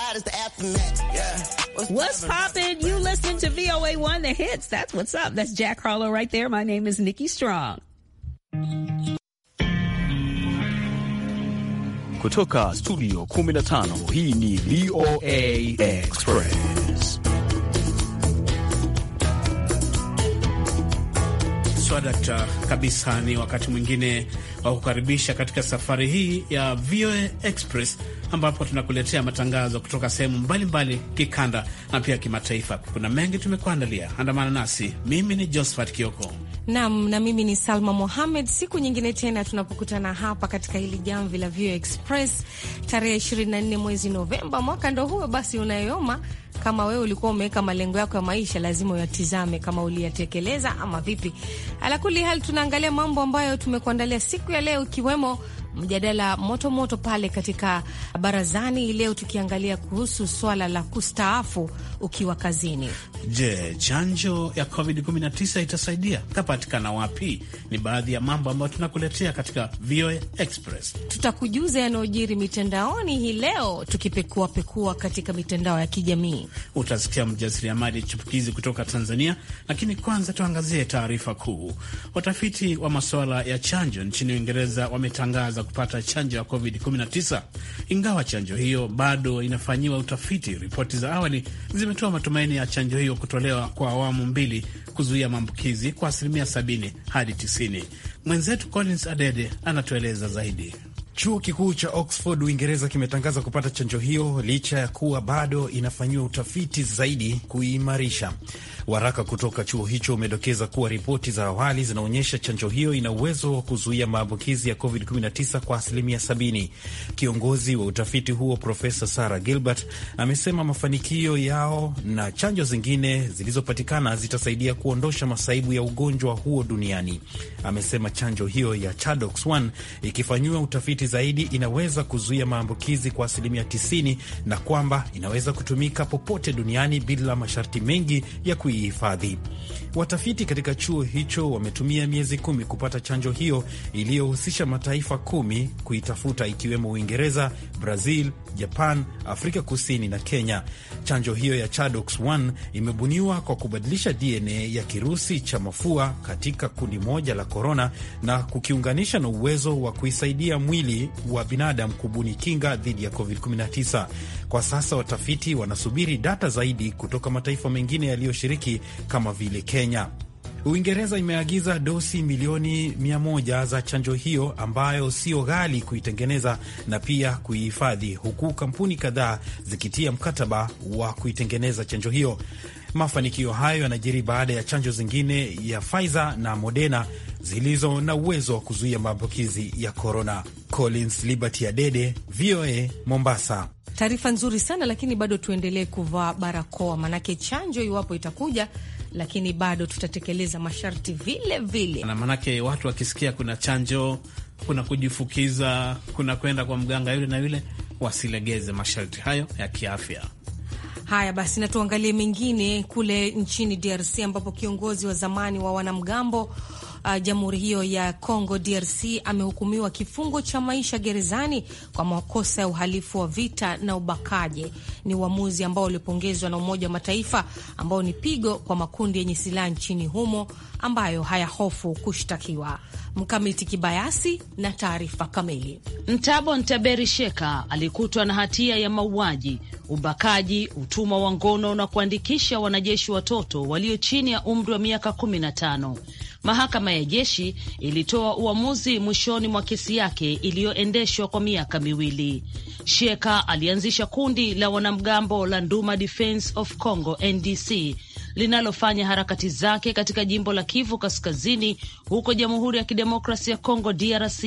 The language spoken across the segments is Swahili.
outside is the aftermath. Yeah. What's, what's poppin'? You listening to VOA One the hits. That's what's up. That's Jack Harlow right there. My name is Nikki Strong. Kutoka studio 15 hii ni VOA Express. Swadakta kabisa, ni wakati mwingine wa kukaribisha katika safari hii ya VOA Express ambapo tunakuletea matangazo kutoka sehemu mbalimbali kikanda na pia kimataifa. Kuna mengi tumekuandalia, andamana nasi. Mimi ni Josephat Kioko nam, na mimi ni Salma Mohamed. Siku nyingine tena tunapokutana hapa katika hili jamvi la VOA Express tarehe 24 mwezi Novemba, mwaka ndo huo basi unayoma kama wewe ulikuwa umeweka malengo yako ya maisha, lazima uyatizame kama uliyatekeleza ama vipi. Alakuli hali, tunaangalia mambo ambayo tumekuandalia siku ya leo, ikiwemo mjadala moto moto pale katika barazani leo, tukiangalia kuhusu swala la kustaafu ukiwa kazini. Je, chanjo ya COVID-19 itasaidia? Kapatikana wapi? Ni baadhi ya mambo ambayo tunakuletea katika VOA Express. Tutakujuza yanayojiri mitandaoni hii leo, tukipekuapekua katika mitandao ya kijamii. Utasikia mjasiriamali chipukizi kutoka Tanzania, lakini kwanza tuangazie taarifa kuu. Watafiti wa masuala ya chanjo nchini Uingereza wametangaza za kupata chanjo ya COVID-19, ingawa chanjo hiyo bado inafanyiwa utafiti. Ripoti za awali zimetoa matumaini ya chanjo hiyo kutolewa kwa awamu mbili kuzuia maambukizi kwa asilimia 70 hadi 90. Mwenzetu Collins Adede anatueleza zaidi. Chuo kikuu cha Oxford Uingereza kimetangaza kupata chanjo hiyo licha ya kuwa bado inafanyiwa utafiti zaidi kuimarisha. Waraka kutoka chuo hicho umedokeza kuwa ripoti za awali zinaonyesha chanjo hiyo ina uwezo wa kuzuia maambukizi ya COVID-19 kwa asilimia 70. Kiongozi wa utafiti huo Profesa Sarah Gilbert amesema mafanikio yao na chanjo zingine zilizopatikana zitasaidia kuondosha masaibu ya ugonjwa huo duniani. Amesema chanjo hiyo ya Chadox 1 ikifanyiwa utafiti zaidi inaweza kuzuia maambukizi kwa asilimia 90 na kwamba inaweza kutumika popote duniani bila masharti mengi ya kui kuihifadhi. Watafiti katika chuo hicho wametumia miezi kumi kupata chanjo hiyo iliyohusisha mataifa kumi kuitafuta ikiwemo Uingereza, Brazil, Japan, Afrika Kusini na Kenya. Chanjo hiyo ya ChAdOx1 imebuniwa kwa kubadilisha DNA ya kirusi cha mafua katika kundi moja la korona na kukiunganisha na uwezo wa kuisaidia mwili wa binadamu kubuni kinga dhidi ya COVID-19. Kwa sasa watafiti wanasubiri data zaidi kutoka mataifa mengine yaliyoshiriki kama vile Kenya. Kenya. Uingereza imeagiza dosi milioni moja za chanjo hiyo ambayo sio ghali kuitengeneza na pia kuihifadhi, huku kampuni kadhaa zikitia mkataba wa kuitengeneza chanjo hiyo. Mafanikio hayo yanajiri baada ya chanjo zingine ya Pfizer na Moderna zilizo na uwezo wa kuzuia maambukizi ya korona. Collins Liberty Adede, VOA Mombasa. Taarifa nzuri sana, lakini bado tuendelee kuvaa barakoa, manake chanjo iwapo itakuja lakini bado tutatekeleza masharti vile vile, na maanake watu wakisikia kuna chanjo, kuna kujifukiza, kuna kwenda kwa mganga yule na yule, wasilegeze masharti hayo ya kiafya. Haya basi, na tuangalie mengine kule nchini DRC ambapo kiongozi wa zamani wa wanamgambo uh, jamhuri hiyo ya Congo DRC amehukumiwa kifungo cha maisha gerezani kwa makosa ya uhalifu wa vita na ubakaji. Ni uamuzi ambao ulipongezwa na Umoja wa Mataifa, ambao ni pigo kwa makundi yenye silaha nchini humo ambayo hayahofu kushtakiwa. Mkamiti Kibayasi na taarifa kamili. Mtabo Ntaberi Sheka alikutwa na hatia ya mauaji, ubakaji, utumwa wa ngono na kuandikisha wanajeshi watoto walio chini ya umri wa miaka tano Mahakama ya jeshi ilitoa uamuzi mwishoni mwa kesi yake iliyoendeshwa kwa miaka miwili. Sheka alianzisha kundi la wanamgambo la Nduma Defense of Congo NDC linalofanya harakati zake katika jimbo la Kivu Kaskazini huko Jamhuri ya Kidemokrasi ya Kongo DRC,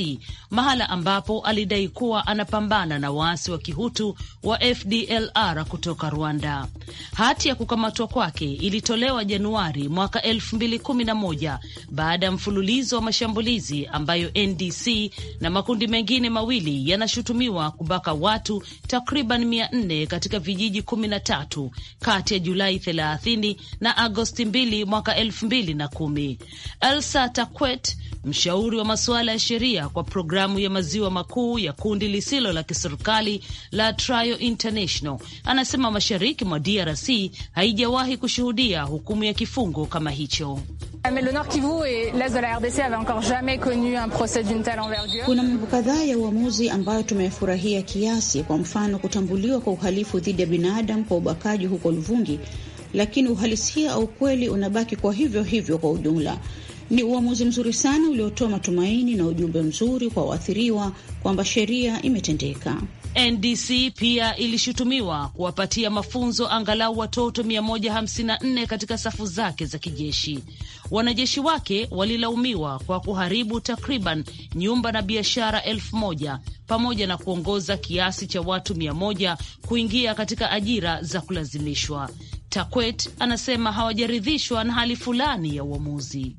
mahala ambapo alidai kuwa anapambana na waasi wa Kihutu wa FDLR kutoka Rwanda. Hati ya kukamatwa kwake ilitolewa Januari mwaka 2011 baada ya mfululizo wa mashambulizi ambayo NDC na makundi mengine mawili yanashutumiwa kubaka watu takriban 400 katika vijiji 13 kati ya Julai 30 na Agosti 2 mwaka 2010. Elsa Taquet, mshauri wa masuala ya sheria kwa programu ya maziwa makuu ya kundi lisilo la kiserikali la Trio International, anasema mashariki mwa DRC haijawahi kushuhudia hukumu ya kifungo kama hicho. Ah, Kuna mambo kadhaa ya uamuzi ambayo tumefurahia kiasi, kwa mfano kutambuliwa kwa uhalifu dhidi ya binadamu kwa ubakaji huko Luvungi lakini uhalisia au kweli unabaki kwa hivyo hivyo. Kwa ujumla, ni uamuzi mzuri sana uliotoa matumaini na ujumbe mzuri kwa waathiriwa kwamba sheria imetendeka. NDC pia ilishutumiwa kuwapatia mafunzo angalau watoto 154 katika safu zake za kijeshi. Wanajeshi wake walilaumiwa kwa kuharibu takriban nyumba na biashara elfu moja pamoja na kuongoza kiasi cha watu mia kuingia katika ajira za kulazimishwa. Takwet anasema hawajaridhishwa na hali fulani ya uamuzi.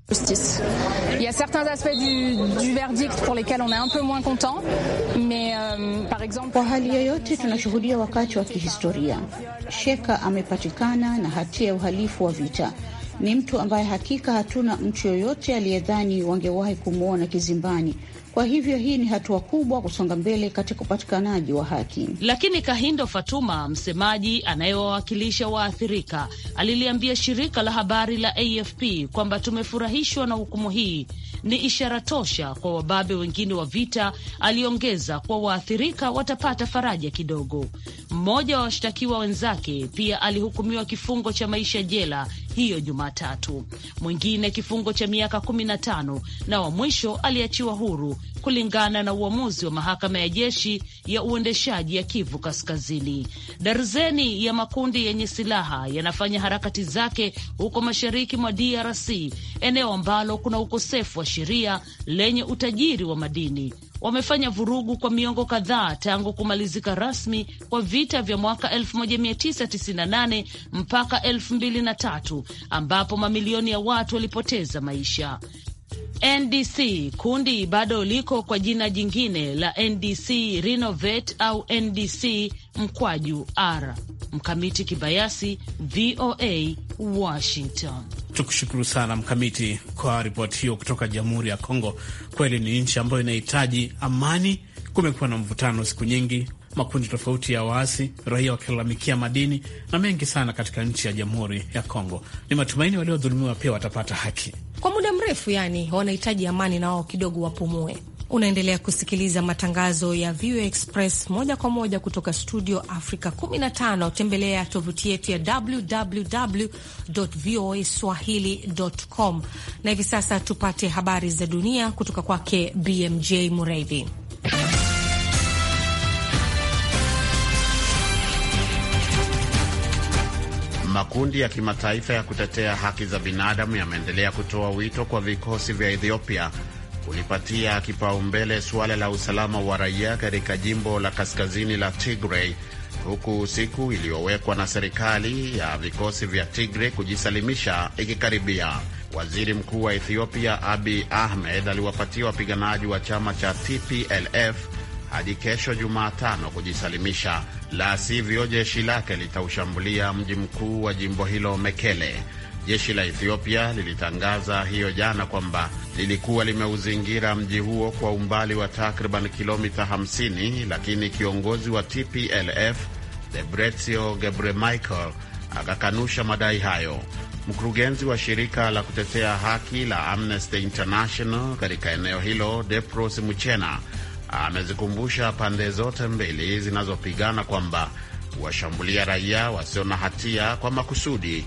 Kwa hali yoyote, tunashuhudia wakati wa kihistoria. Sheka amepatikana na hatia ya uhalifu wa vita. Ni mtu ambaye hakika hatuna mtu yoyote aliyedhani wangewahi kumwona kizimbani kwa hivyo hii ni hatua kubwa kusonga mbele katika upatikanaji wa haki. Lakini Kahindo Fatuma, msemaji anayewawakilisha waathirika, aliliambia shirika la habari la AFP kwamba tumefurahishwa na hukumu hii, ni ishara tosha kwa wababe wengine wa vita. Aliongeza kuwa waathirika watapata faraja kidogo. Mmoja wa washtakiwa wenzake pia alihukumiwa kifungo cha maisha jela hiyo Jumatatu, mwingine kifungo cha miaka 15 na wa mwisho aliachiwa huru kulingana na uamuzi wa mahakama ya jeshi ya uendeshaji ya Kivu Kaskazini. Darzeni ya makundi yenye silaha yanafanya harakati zake huko mashariki mwa DRC, eneo ambalo kuna ukosefu wa sheria lenye utajiri wa madini wamefanya vurugu kwa miongo kadhaa tangu kumalizika rasmi kwa vita vya mwaka 1998 mpaka 2003 ambapo mamilioni ya watu walipoteza maisha. NDC kundi bado liko kwa jina jingine la NDC Renovate au NDC mkwaju R. Mkamiti Kibayasi, VOA Washington. Tukushukuru sana Mkamiti kwa ripoti hiyo kutoka Jamhuri ya Kongo. Kweli ni nchi ambayo inahitaji amani. Kumekuwa na mvutano siku nyingi, makundi tofauti ya waasi, raia wakilalamikia madini na mengi sana katika nchi ya Jamhuri ya Kongo. Ni matumaini waliodhulumiwa pia watapata haki kwa muda mrefu, yani wanahitaji amani na wao kidogo wapumue. Unaendelea kusikiliza matangazo ya VOA Express moja kwa moja kutoka studio Afrika 15. Tembelea tovuti yetu ya www voa swahili.com, na hivi sasa tupate habari za dunia kutoka kwake BMJ Mureithi. Makundi ya kimataifa ya kutetea haki za binadamu yameendelea kutoa wito kwa vikosi vya Ethiopia kulipatia kipaumbele suala la usalama wa raia katika jimbo la kaskazini la Tigray huku siku iliyowekwa na serikali ya vikosi vya Tigray kujisalimisha ikikaribia. Waziri Mkuu wa Ethiopia Abiy Ahmed aliwapatia wapiganaji wa chama cha TPLF hadi kesho Jumatano kujisalimisha, la sivyo jeshi lake litaushambulia mji mkuu wa jimbo hilo Mekele. Jeshi la Ethiopia lilitangaza hiyo jana kwamba lilikuwa limeuzingira mji huo kwa umbali wa takriban kilomita 50, lakini kiongozi wa TPLF gebre Gebremichael akakanusha madai hayo. Mkurugenzi wa shirika la kutetea haki la Amnesty International katika eneo hilo Depros Muchena amezikumbusha pande zote mbili zinazopigana kwamba kuwashambulia raia wasio na hatia kwa makusudi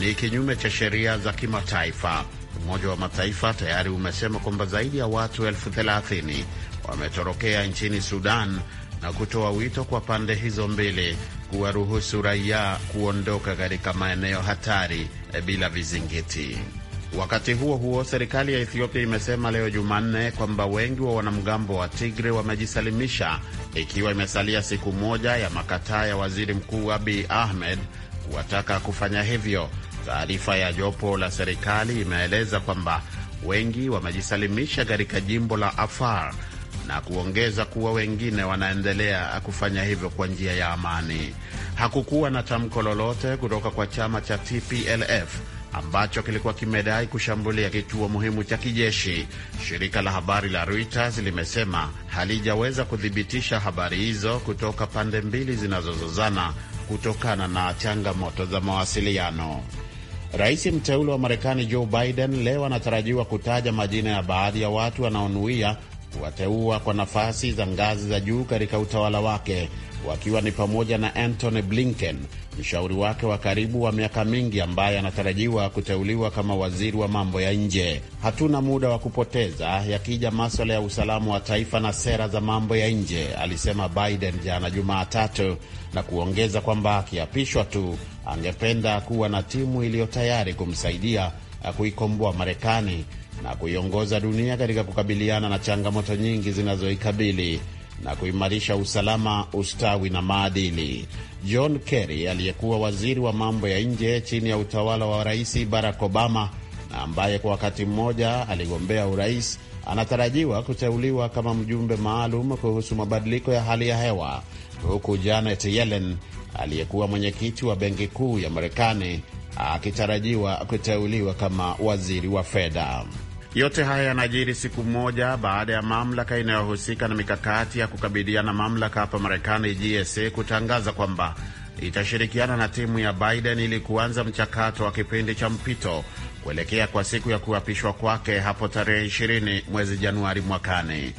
ni kinyume cha sheria za kimataifa. Umoja wa Mataifa tayari umesema kwamba zaidi ya watu elfu thelathini wametorokea nchini Sudan na kutoa wito kwa pande hizo mbili kuwaruhusu raia kuondoka katika maeneo hatari eh, bila vizingiti. Wakati huo huo, serikali ya Ethiopia imesema leo Jumanne kwamba wengi wa wanamgambo wa Tigre wamejisalimisha, ikiwa imesalia siku moja ya makataa ya waziri mkuu abi Ahmed kuwataka kufanya hivyo. Taarifa ya jopo la serikali imeeleza kwamba wengi wamejisalimisha katika jimbo la Afar na kuongeza kuwa wengine wanaendelea kufanya hivyo kwa njia ya amani. Hakukuwa na tamko lolote kutoka kwa chama cha TPLF ambacho kilikuwa kimedai kushambulia kituo muhimu cha kijeshi. Shirika la habari la Reuters limesema halijaweza kuthibitisha habari hizo kutoka pande mbili zinazozozana kutokana na changamoto za mawasiliano. Rais mteule wa Marekani Joe Biden leo anatarajiwa kutaja majina ya baadhi ya watu wanaonuia kuwateua kwa nafasi za ngazi za juu katika utawala wake wakiwa ni pamoja na Antony Blinken, mshauri wake wa karibu wa miaka mingi, ambaye anatarajiwa kuteuliwa kama waziri wa mambo ya nje. Hatuna muda wa kupoteza yakija maswala ya usalama wa taifa na sera za mambo ya nje, alisema Biden jana Jumatatu, na kuongeza kwamba akiapishwa tu angependa kuwa na timu iliyo tayari kumsaidia eh, kuikomboa Marekani na kuiongoza dunia katika kukabiliana na changamoto nyingi zinazoikabili na kuimarisha usalama, ustawi na maadili. John Kerry aliyekuwa waziri wa mambo ya nje chini ya utawala wa Rais Barack Obama na ambaye kwa wakati mmoja aligombea urais anatarajiwa kuteuliwa kama mjumbe maalum kuhusu mabadiliko ya hali ya hewa, huku Janet Yellen aliyekuwa mwenyekiti wa benki kuu ya Marekani akitarajiwa kuteuliwa kama waziri wa fedha. Yote haya yanajiri siku moja baada ya mamlaka inayohusika na mikakati ya kukabiliana mamlaka hapa Marekani, GSA, kutangaza kwamba itashirikiana na timu ya Biden ili kuanza mchakato wa kipindi cha mpito kuelekea kwa siku ya kuapishwa kwake hapo tarehe 20 mwezi Januari mwakani.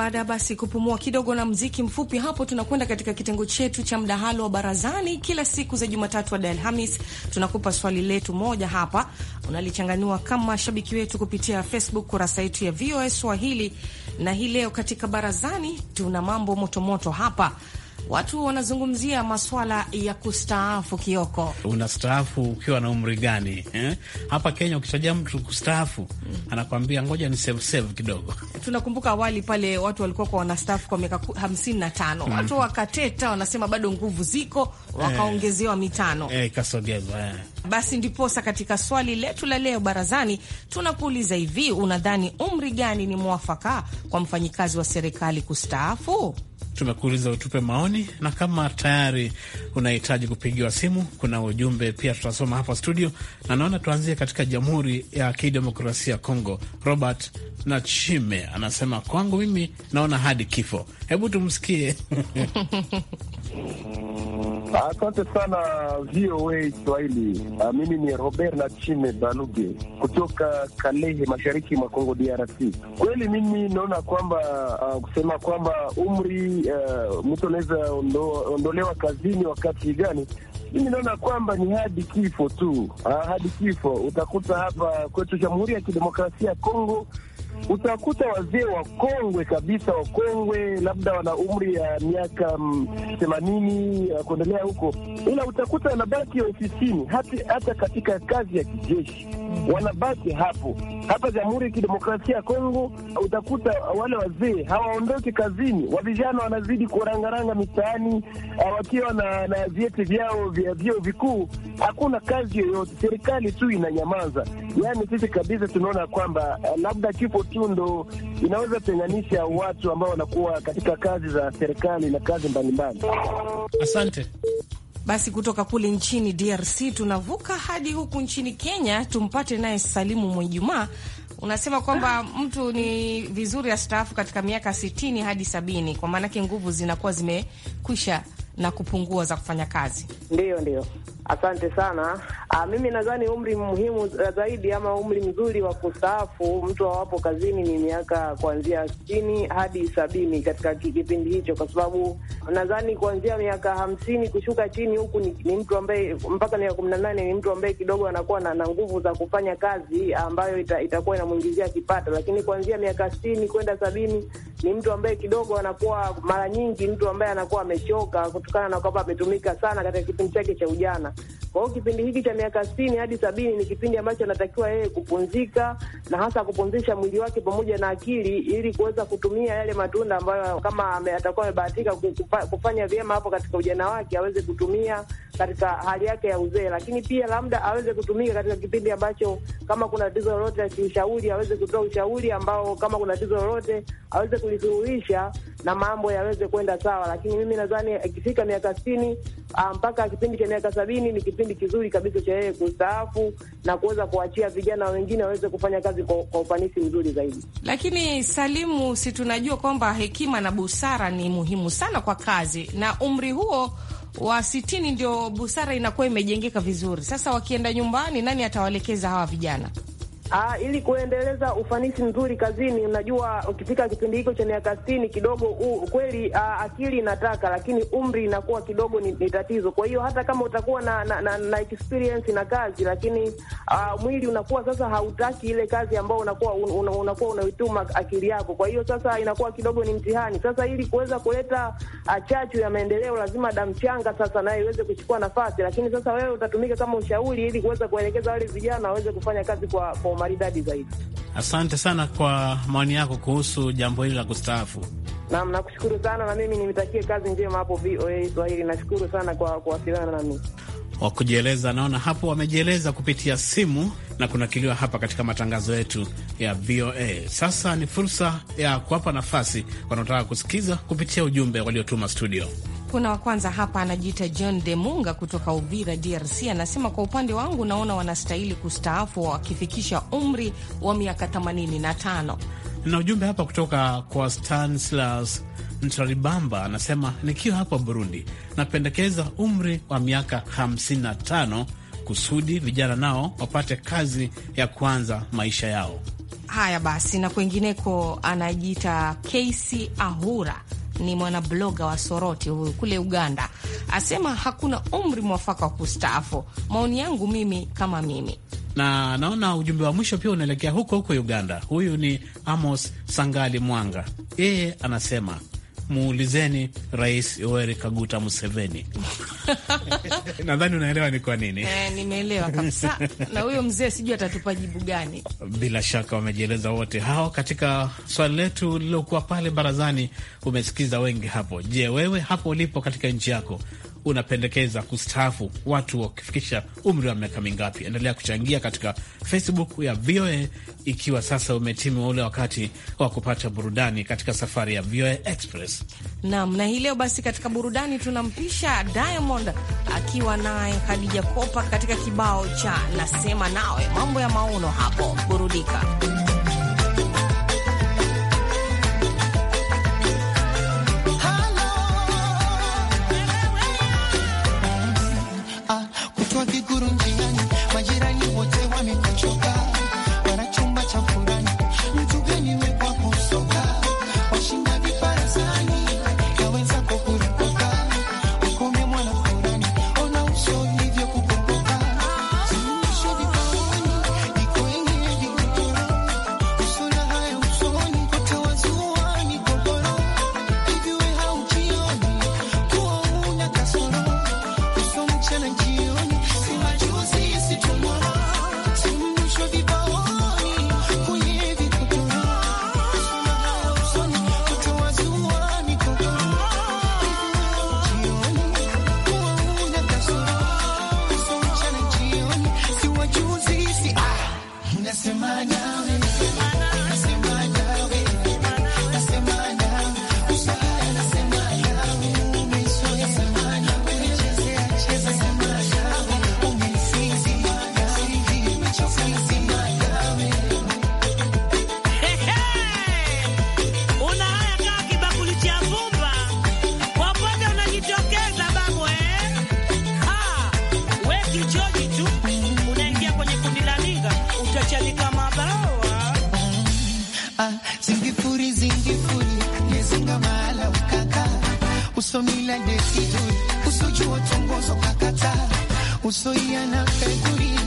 baada ya basi kupumua kidogo na mziki mfupi hapo, tunakwenda katika kitengo chetu cha mdahalo wa barazani kila siku za Jumatatu hadi Alhamis. Tunakupa swali letu moja hapa, unalichanganua kama shabiki wetu kupitia Facebook kurasa yetu ya VOA Swahili. Na hii leo katika barazani tuna mambo motomoto hapa watu wanazungumzia maswala ya kustaafu. Kioko, unastaafu ukiwa na umri gani eh? Hapa Kenya ukitajia mtu kustaafu anakwambia ngoja ni save save kidogo. Tunakumbuka awali pale watu walikuwa kwa wanastaafu kwa miaka hamsini na tano mm Watu wakateta wanasema bado nguvu ziko, eh. wakaongezewa mitano eh, kasogezwa eh. Basi ndiposa katika swali letu la leo barazani tunakuuliza hivi, unadhani umri gani ni mwafaka kwa mfanyikazi wa serikali kustaafu? tumekuuliza utupe maoni, na kama tayari unahitaji kupigiwa simu, kuna ujumbe pia tutasoma hapa studio, na naona tuanzie katika Jamhuri ya Kidemokrasia ya Kongo. Robert Nachime anasema kwangu mimi naona hadi kifo. Hebu tumsikie. Asante sana VOA Swahili. Ah, mimi ni Robert Nachime Baluge kutoka Kalehe, mashariki mwa Kongo DRC. Kweli mimi naona kwamba uh, kusema kwamba umri uh, mtu anaweza ondo, ondolewa kazini wakati gani? Mimi naona kwamba ni hadi kifo tu, uh, hadi kifo. Utakuta hapa kwetu Jamhuri ya Kidemokrasia ya Kongo utakuta wazee wakongwe kabisa, wakongwe labda wana umri ya miaka mm, themanini ya kuendelea huko, ila utakuta wanabaki ofisini, hata hata katika kazi ya kijeshi wanabaki hapo. Hapa Jamhuri ya Kidemokrasia ya Kongo utakuta wale wazee hawaondoki kazini, wavijana wanazidi kurangaranga mitaani ah, wakiwa na, na vyeti vyao vya vyeo vikuu. Hakuna kazi yoyote, serikali tu inanyamaza. Yaani sisi kabisa tunaona kwamba ah, labda kifo tu ndo inaweza tenganisha watu ambao wanakuwa katika kazi za serikali na kazi mbalimbali. Asante. Basi kutoka kule nchini DRC tunavuka hadi huku nchini Kenya, tumpate naye Salimu Mwijumaa. Unasema kwamba mtu ni vizuri astaafu katika miaka sitini hadi sabini kwa maanake nguvu zinakuwa zimekwisha na kupungua za kufanya kazi. Ndio, ndio. Asante sana. Aa, ah, mimi nadhani umri muhimu zaidi ama umri mzuri wa kustaafu mtu awapo kazini ni miaka kuanzia sitini hadi sabini katika kipindi hicho, kwa sababu nadhani kuanzia miaka hamsini kushuka chini huku ni, ni mtu ambaye mpaka miaka kumi na nane ni mtu ambaye kidogo anakuwa na nguvu za kufanya kazi ambayo ita, itakuwa inamwingizia kipato, lakini kuanzia miaka sitini kwenda sabini ni mtu ambaye kidogo anakuwa mara nyingi mtu ambaye anakuwa amechoka kutokana na kwamba ametumika sana katika kipindi chake cha ujana. Kwa hiyo kipindi hiki cha miaka sitini hadi sabini ni kipindi ambacho anatakiwa yeye kupumzika na hasa kupumzisha mwili wake pamoja na akili, ili kuweza kutumia yale matunda ambayo kama atakuwa amebahatika kufanya vyema hapo katika ujana wake, aweze kutumia katika hali yake ya uzee, lakini pia labda aweze kutumika katika kipindi ambacho kama kuna tatizo lolote la kiushauri, aweze kutoa ushauri ambao, kama kuna tatizo lolote, aweze kulisuluhisha na mambo yaweze kwenda sawa. Lakini mimi nadhani ikifika miaka sitini ah, mpaka kipindi cha miaka sabini nadhani ni kipindi kizuri kabisa cha yeye kustaafu na kuweza kuachia vijana wengine waweze kufanya kazi kwa, kwa ufanisi mzuri zaidi. Lakini Salimu, si tunajua kwamba hekima na busara ni muhimu sana kwa kazi, na umri huo wa sitini ndio busara inakuwa imejengeka vizuri. Sasa wakienda nyumbani, nani atawalekeza hawa vijana? Ah, ili kuendeleza ufanisi mzuri kazini, unajua ukifika kipindi hicho cha miaka sitini kidogo u, kweli uh, akili inataka, lakini umri inakuwa kidogo ni, ni tatizo. Kwa hiyo hata kama utakuwa na na, na, na experience na kazi, lakini uh, mwili unakuwa sasa hautaki ile kazi ambayo unakuwa un, unakuwa unaituma akili yako. Kwa hiyo sasa inakuwa kidogo ni mtihani. Sasa ili kuweza kuleta chachu ya maendeleo, lazima damu changa sasa naye iweze kuchukua nafasi, lakini sasa wewe utatumika kama ushauri ili kuweza kuelekeza wale vijana waweze kufanya kazi kwa, kwa maridadi zaidi. Asante sana kwa maoni yako kuhusu jambo hili la kustaafu. Naam, nakushukuru sana na mimi nimetakie kazi njema hapo VOA Swahili. Nashukuru sana kwa kuwasiliana nami wa kujieleza. Naona hapo wamejieleza kupitia simu na kunakiliwa hapa katika matangazo yetu ya VOA. Sasa ni fursa ya kuwapa nafasi wanaotaka kusikiza kupitia ujumbe waliotuma studio. Kuna wa kwanza hapa anajiita John de Munga kutoka Uvira, DRC, anasema kwa upande wangu naona wanastahili kustaafu wakifikisha umri wa miaka 85. Na ujumbe hapa kutoka kwa Stanislas Ntaribamba anasema nikiwa hapa Burundi, napendekeza umri wa miaka 55 kusudi vijana nao wapate kazi ya kuanza maisha yao. Haya basi, na kwengineko anajiita Kesi Ahura ni mwanabloga wa Soroti huyu kule Uganda, asema hakuna umri mwafaka wa kustaafu. Maoni yangu mimi kama mimi na naona ujumbe wa mwisho pia unaelekea huko huko Uganda. Huyu ni Amos Sangali Mwanga, yeye anasema muulizeni Rais Yoweri Kaguta Museveni. Nadhani unaelewa ni kwa nini. E, nimeelewa kabisa. Na huyo mzee sijui atatupa jibu gani. Bila shaka wamejieleza wote hao katika swali letu lililokuwa pale barazani. Umesikiza wengi hapo. Je, wewe hapo ulipo katika nchi yako unapendekeza kustaafu watu wakifikisha umri wa miaka mingapi? Endelea kuchangia katika Facebook ya VOA ikiwa sasa umetimu ule wakati wa kupata burudani katika safari ya VOA Express nam. Na hii leo basi, katika burudani tunampisha Diamond akiwa naye hadija Kopa katika kibao cha nasema nawe, mambo ya maono hapo, burudika. usonilade kidul usojuwa kakata usoiana peguri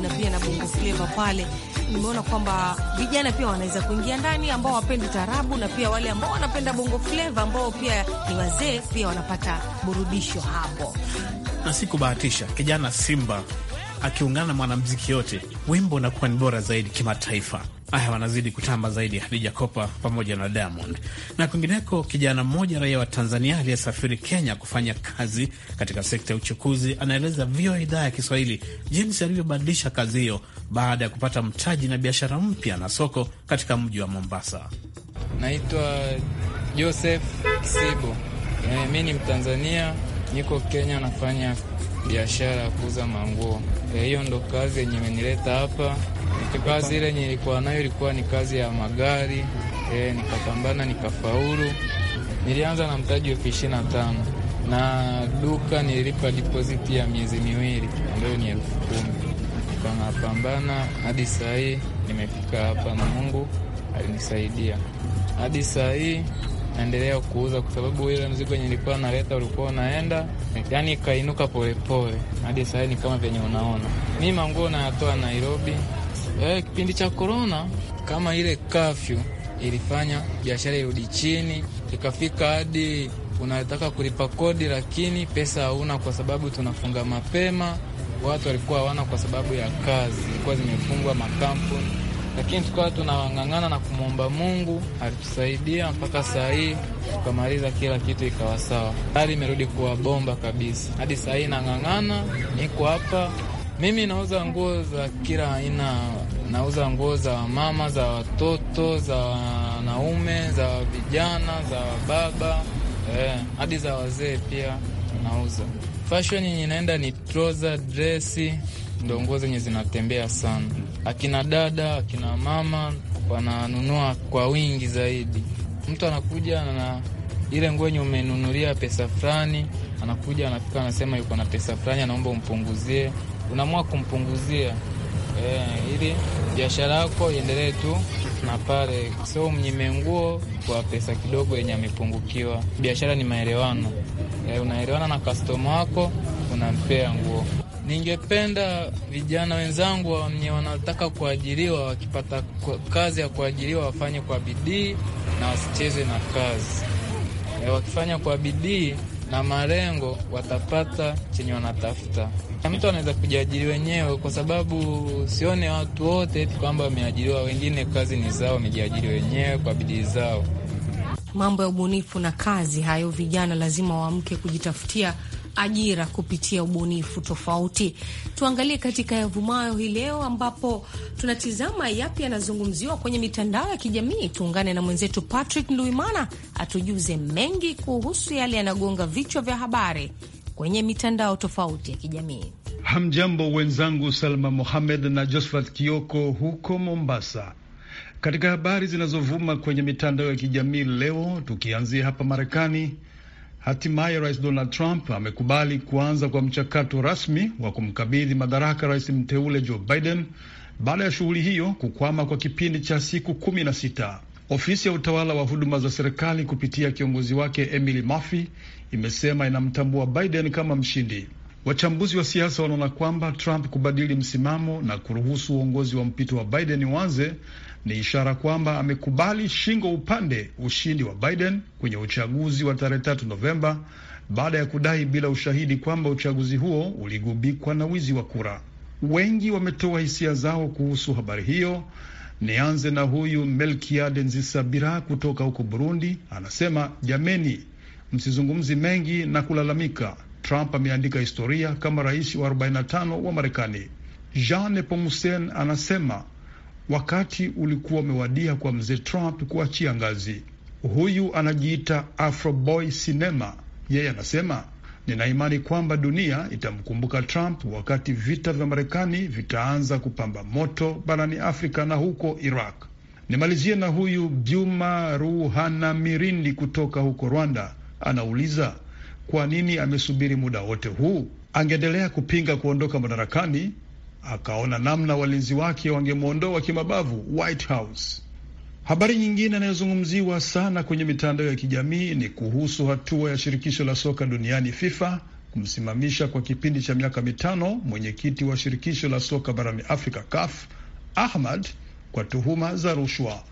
taarabu na pia na bongo fleva pale. Nimeona kwamba vijana pia wanaweza kuingia ndani, ambao wapendi tarabu na pia wale ambao wanapenda bongo fleva, ambao pia ni wazee, pia wanapata burudisho hapo. Na kubahatisha kijana Simba akiungana na mwanamziki yote, wimbo unakuwa ni bora zaidi kimataifa. Haya, wanazidi kutamba zaidi Hadija Kopa pamoja na Diamond na kwingineko. Kijana mmoja raia wa Tanzania aliyesafiri Kenya kufanya kazi katika sekta ya uchukuzi anaeleza VOA idhaa ya Kiswahili jinsi alivyobadilisha kazi hiyo baada ya kupata mtaji na biashara mpya na soko katika mji wa Mombasa. Naitwa Joseph Kisibo, eh, mi ni Mtanzania niko Kenya nafanya biashara ya kuuza manguo. Eh, hiyo ndo kazi yenye imenileta hapa. Kazi ile yenye ilikuwa nayo ilikuwa ni kazi ya magari e, nikapambana nikafaulu. Nilianza na mtaji elfu ishirini na tano na duka nililipa dipoziti ya miezi miwili ambayo ni elfu kumi. Nikanapambana hadi saa hii nimefika hapa, na Mungu alinisaidia hadi saa hii naendelea kuuza, kwa sababu ile mzigo yenye nilikuwa naleta ulikuwa unaenda, yani ikainuka polepole hadi sahii ni kama vyenye unaona. Mi manguo nayatoa Nairobi. E, kipindi cha korona kama ile kafyu ilifanya biashara irudi chini, ikafika hadi unataka kulipa kodi lakini pesa hauna, kwa sababu tunafunga mapema. Watu walikuwa hawana kwa sababu ya kazi, ilikuwa zimefungwa makampuni lakini tukawa tunang'ang'ana na kumwomba Mungu, alitusaidia mpaka saa hii tukamaliza kila kitu ikawa sawa, hali imerudi kuwa bomba kabisa. Hadi saa hii nang'ang'ana, niko hapa mimi nauza nguo za kila aina, nauza nguo za mama, za watoto, za wanaume, za vijana, za baba eh, hadi eh, za wazee pia nauza. Fashion yenye inaenda ni trouser, dress, ndo nguo zenye zinatembea sana akina dada, akina mama wananunua kwa wingi zaidi. Mtu anakuja na ile nguo yenye umenunulia pesa fulani, anakuja anafika, anasema yuko na pesa fulani, anaomba umpunguzie, unaamua kumpunguzia e, ili biashara yako iendelee tu na pale, so mnyime nguo kwa pesa kidogo yenye amepungukiwa. Biashara ni maelewano e, unaelewana na kastoma wako, unampea nguo Ningependa vijana wenzangu wenye wanataka kuajiriwa, wakipata kazi ya kuajiriwa wafanye kwa bidii na wasicheze na kazi. E, wakifanya kwa bidii na malengo watapata chenye wanatafuta. Mtu anaweza kujiajiri wenyewe, kwa sababu sione watu wote eti kwamba wameajiriwa. Wengine kazi ni zao, wamejiajiri wenyewe kwa bidii zao. Mambo ya ubunifu na kazi hayo, vijana lazima waamke kujitafutia ajira kupitia ubunifu tofauti. Tuangalie katika yavumayo hii leo, ambapo tunatizama yapi yanazungumziwa kwenye mitandao ya kijamii. Tuungane na mwenzetu Patrick Nduimana atujuze mengi kuhusu yale yanagonga vichwa vya habari kwenye mitandao tofauti ya kijamii. Hamjambo wenzangu, Salma Mohamed na Josphat Kioko huko Mombasa. Katika habari zinazovuma kwenye mitandao ya kijamii leo, tukianzia hapa Marekani, Hatimaye Rais Donald Trump amekubali kuanza kwa mchakato rasmi wa kumkabidhi madaraka rais mteule Joe Biden baada ya shughuli hiyo kukwama kwa kipindi cha siku kumi na sita. Ofisi ya utawala wa huduma za serikali kupitia kiongozi wake Emily Murphy imesema inamtambua Biden kama mshindi. Wachambuzi wa siasa wanaona kwamba Trump kubadili msimamo na kuruhusu uongozi wa mpito wa Biden uanze ni ishara kwamba amekubali shingo upande ushindi wa Biden kwenye uchaguzi wa tarehe tatu Novemba baada ya kudai bila ushahidi kwamba uchaguzi huo uligubikwa na wizi wa kura. Wengi wametoa hisia zao kuhusu habari hiyo. Nianze na huyu melkiade nzisabira kutoka huko Burundi, anasema jameni, msizungumzi mengi na kulalamika. Trump ameandika historia kama rais wa 45 wa Marekani. Jean Nepomusen anasema Wakati ulikuwa umewadia kwa mzee Trump kuachia ngazi. Huyu anajiita Afroboy Sinema. Yeye anasema nina imani kwamba dunia itamkumbuka Trump wakati vita vya Marekani vitaanza kupamba moto barani Afrika na huko Iraq. Nimalizie na huyu Juma Ruhana Mirindi kutoka huko Rwanda, anauliza kwa nini amesubiri muda wote huu? Angeendelea kupinga kuondoka madarakani akaona namna walinzi wake wangemwondoa kimabavu White House. Habari nyingine inayozungumziwa sana kwenye mitandao ya kijamii ni kuhusu hatua ya shirikisho la soka duniani FIFA kumsimamisha kwa kipindi cha miaka mitano mwenyekiti wa shirikisho la soka barani Afrika CAF Ahmad kwa tuhuma za rushwa.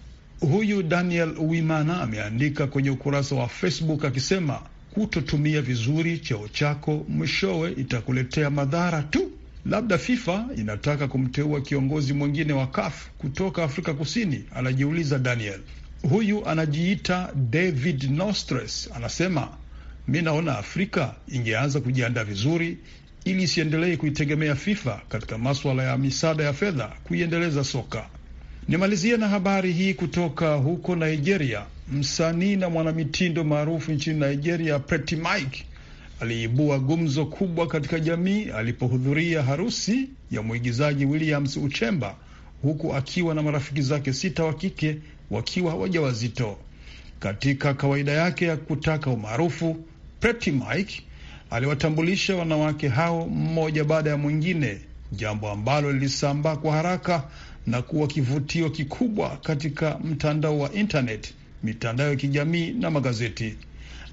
Huyu Daniel Wimana ameandika kwenye ukurasa wa Facebook akisema kutotumia vizuri cheo chako mwishowe itakuletea madhara tu. Labda FIFA inataka kumteua kiongozi mwingine wa CAF kutoka Afrika Kusini, anajiuliza Daniel. Huyu anajiita David Nostres, anasema mi naona Afrika ingeanza kujiandaa vizuri ili isiendelee kuitegemea FIFA katika maswala ya misaada ya fedha kuiendeleza soka. Nimalizie na habari hii kutoka huko Nigeria. Msanii na mwanamitindo maarufu nchini Nigeria Pretty Mike aliibua gumzo kubwa katika jamii alipohudhuria harusi ya mwigizaji Williams Uchemba huku akiwa na marafiki zake sita wa kike wakiwa wajawazito. Katika kawaida yake ya kutaka umaarufu, Pretty Mike aliwatambulisha wanawake hao mmoja baada ya mwingine, jambo ambalo lilisambaa kwa haraka na kuwa kivutio kikubwa katika mtandao wa internet, mitandao ya kijamii na magazeti.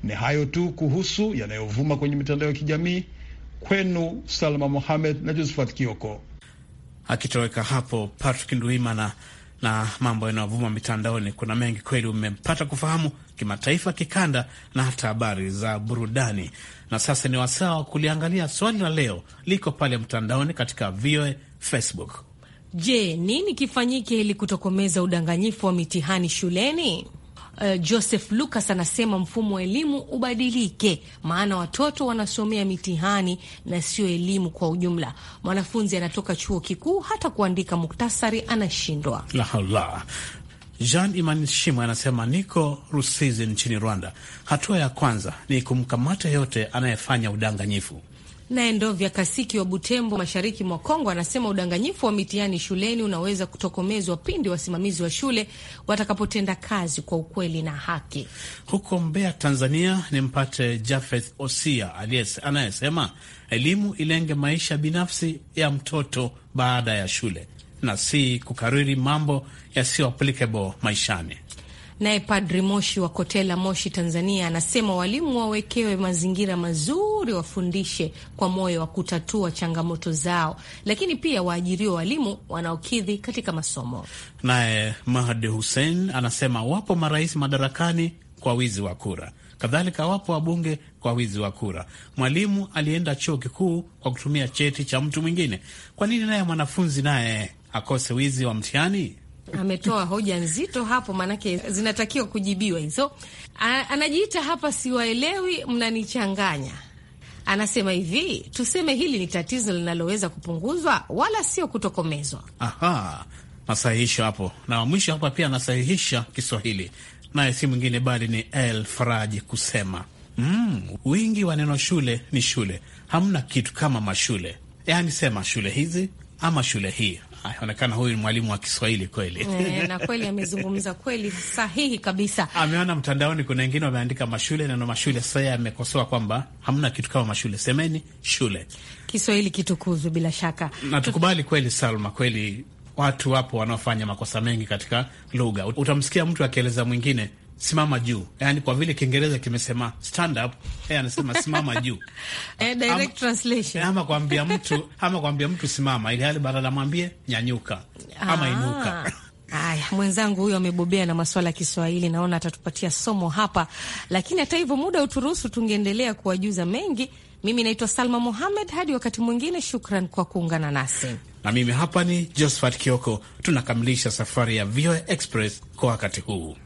Ni hayo tu kuhusu yanayovuma kwenye mitandao ya kijamii. Kwenu Salma Mohamed na Josephat Kioko. Akitoweka hapo Patrick Ndwimana na mambo yanayovuma mitandaoni. Kuna mengi kweli, umepata kufahamu kimataifa, kikanda na hata habari za burudani. Na sasa ni wasaa wa kuliangalia swali la leo, liko pale mtandaoni katika VOA Facebook. Je, nini kifanyike ili kutokomeza udanganyifu wa mitihani shuleni? uh, Joseph Lucas anasema mfumo wa elimu ubadilike, maana watoto wanasomea mitihani na sio elimu kwa ujumla. Mwanafunzi anatoka chuo kikuu, hata kuandika muktasari anashindwa. La haula. Jean Iman Shimwe anasema niko Rusizi nchini Rwanda. Hatua ya kwanza ni kumkamata yote anayefanya udanganyifu. Naye Ndovya Kasiki wa Butembo, mashariki mwa Kongo, anasema udanganyifu wa mitihani shuleni unaweza kutokomezwa pindi wasimamizi wa shule watakapotenda kazi kwa ukweli na haki. Huko Mbeya, Tanzania, ni mpate Jafeth Osia anayesema elimu ilenge maisha binafsi ya mtoto baada ya shule na si kukariri mambo yasiyo applicable maishani. Naye Padri Moshi wa Kotela, Moshi, Tanzania, anasema walimu wawekewe mazingira mazuri, wafundishe kwa moyo wa kutatua changamoto zao, lakini pia waajiriwe walimu wanaokidhi katika masomo. Naye Mahdi Hussein anasema wapo marais madarakani kwa wizi wa kura, kadhalika wapo wabunge kwa wizi wa kura. Mwalimu alienda chuo kikuu kwa kutumia cheti cha mtu mwingine, kwa nini naye mwanafunzi naye akose wizi wa mtihani? ametoa hoja nzito hapo, maanake zinatakiwa kujibiwa hizo. Anajiita hapa, siwaelewi, mnanichanganya. Anasema hivi, tuseme hili ni tatizo linaloweza kupunguzwa wala sio kutokomezwa. Aha, nasahihisha hapo na mwisho hapa pia anasahihisha Kiswahili, naye si mwingine bali ni El Faraji kusema mm, wingi wa neno shule ni shule, hamna kitu kama mashule, yaani sema shule hizi ama shule hii Aonekana huyu ni mwalimu wa Kiswahili kweli. E, na kweli amezungumza kweli sahihi kabisa. Ameona mtandaoni kuna wengine wameandika mashule, neno mashule sasa yamekosoa kwamba hamna kitu kama mashule, semeni shule. Kiswahili kitukuzwe bila shaka. Na tukubali kweli, Salma, kweli watu wapo wanaofanya makosa mengi katika lugha. Utamsikia mtu akieleza mwingine simama juu, yani kwa vile Kiingereza kimesema stand up, yeye anasema simama juu eh, direct translation, ama kwambia mtu ama kwambia mtu simama, ili hali badala mwambie nyanyuka ama ah, inuka. Aya, mwenzangu huyo amebobea na maswala ya Kiswahili, naona atatupatia somo hapa, lakini hata hivyo muda uturuhusu, tungeendelea kuwajuza mengi. Mimi naitwa Salma Muhamed, hadi wakati mwingine, shukran kwa kuungana nasi. Na mimi hapa ni Josephat Kioko, tunakamilisha safari ya VOA e Express kwa wakati huu.